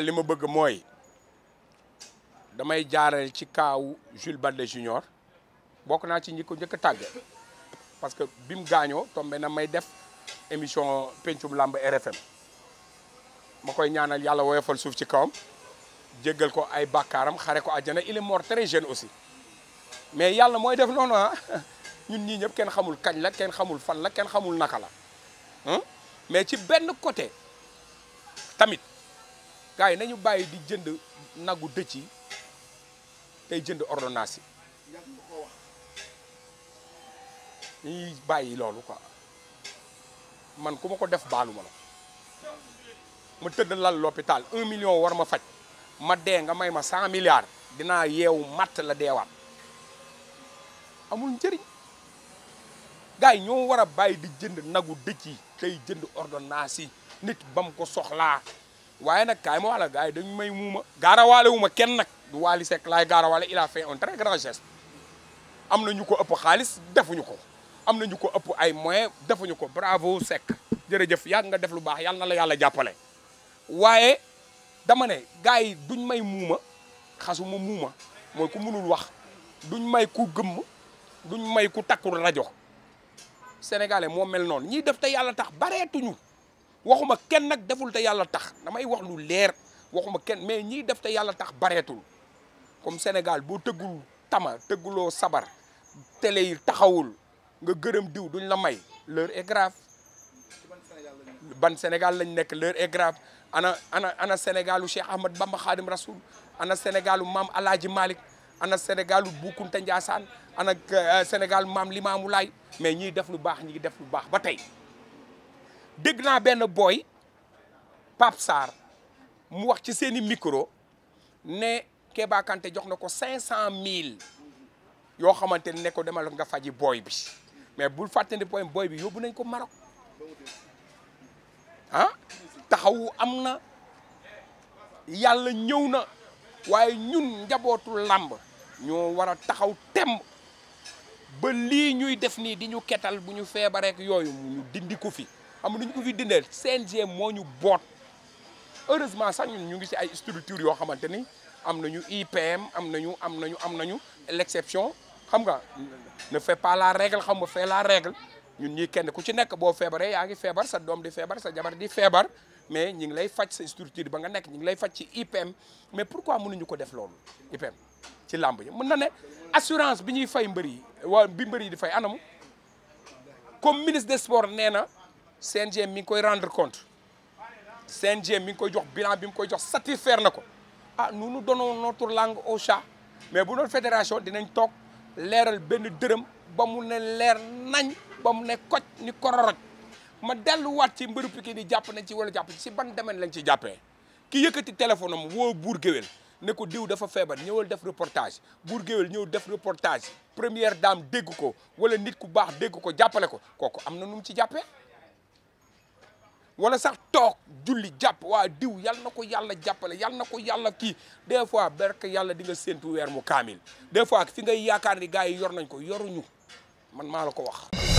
li ma bëgg mooy damay jaarale ci kaawu Jules Balde Junior bokk naa ci ñi ko njëkk a tàgge parce que bi mu gaañoo tombé na may def émission pencum làmb RFM ma koy ñaanal yàlla woyofal suuf ci kawam jéggal ko ay bakaaram xare ko àjjana il est mort très jeune aussi mais yàlla mooy def noonu ah ñun ñii ñëpp kenn xamul kañ la kenn xamul fan la kenn xamul naka la hmm? mais ci benn côté tamit gars yi nañu bàyyi di jënd nagu dëcc yi tey jënd ordonasi bàyyi loolu quoi man ku ma ko def baalu ma la ma tëdd war ma faj ma dee nga may ma cent milliards dinaa yeewu matt la deewaat amul njëriñ gars yi ñoo war a bàyyi jënd nagu dëcc yi tey jënd ordonnance yi nit bam ko soxlaa waaye nag kaay ma wax la gars yi dañu may muuma gaarawaale wu ma kenn nag du Wally Seck laay gaarawaale il a fait un très grand geste am na ñu ko ëpp xaalis defuñu ko am na ñu ko ëpp ay moyens defuñu ko bravo Seck jërëjëf yàgg nga def lu baax yàlla na la yàlla jàppale waaye dama ne gars yi duñ may muuma xasuma muuma mooy ku mënul wax duñ may ku gëmm duñ may ku takkul rajo sénégalais moo mel noonu ñiy def te yàlla tax bareetuñu waxuma kenn nag deful te yàlla tax damay wax lu leer waxuma kenn mais ñiy def te yàlla tax bareetul comme Sénégal boo tëggul tama tëgguloo sabar télé taxawul nga gërëm diw duñ la may l'heure est grave ban Sénégal lañ nekk leur est grave ana ana ana Sénégalu Cheikh Ahmad Bamba Khadim Rasoul ana Sénégalu maam Alaaji Malick ana Sénégalu Boukounta Ndiassane ana euh, Sénégal maam Limaamu Laay mais ñiy def lu baax ñi def lu baax ba tey dégg na boy, boy pap sar mu wax ci seni micro ne Keba Kanté jox nako ko yo xamanteni neko dema ne ko demal nga faji boy bi mais bul fàtte ne boy bi yobou nañ ko Maroc ah taxaw amna, yalla ñewna waye na ñun njabootu lamb ño wara taxaw tem ba li ñuy def ni di kétal buñu fébaré ak yoyu dindi ko fi xam duñ ko fi dindel CNG moñu bot heureusement sax ñun ñu ngi ci ay structure yo xamanteni ni am IPM am nañu am nañu am nañu l'exception xam nga ne fait pas la règle xam nga fait la règle ñun ñi kenn ku ci nek bo feebaree ya ngi feebar sa dom di feebar sa jabar di feebar mais ñi ngi lay faj sa structure ba nga nek ñi ngi lay faj ci IPM mais pourquoi mënuñu ko def lool IPM ci lamb ji mën na ne assurance bi ñuy fay mbër yi bi mbër di fay anamu comme ministre des sports néna CNG mi ngi koy rendre compte CNG mi ngi koy jox bilan bi mu koy jox satisfaire nako ah nous nous donnons notre langue au chat mais bu doon fédération dinañ tok leeral ben deureum ba mu ne leer nañ ba mu ne koj ni kororoj ma wat ci mbëru Pikine di jàpp nañ ci wala japp ci ban domaine lañ ci jappé ki yëkkati téléphone am wo buur géwél ne ko diw dafa feebar ñëwal def reportage buur géwél ñëw def reportage première dame dégg ko wala nit ku baax dégg ko jappalé ko kooku amna num ci jappé wala sax toog julli jàpp waa diw yal na ko yàlla jàppale yal na ko yàlla kii des fois berk yàlla di nga séntu weer mu kaamil des fois fi ngay yaakaar ni gars yi yor nañ ko yoruñu man maa la ko wax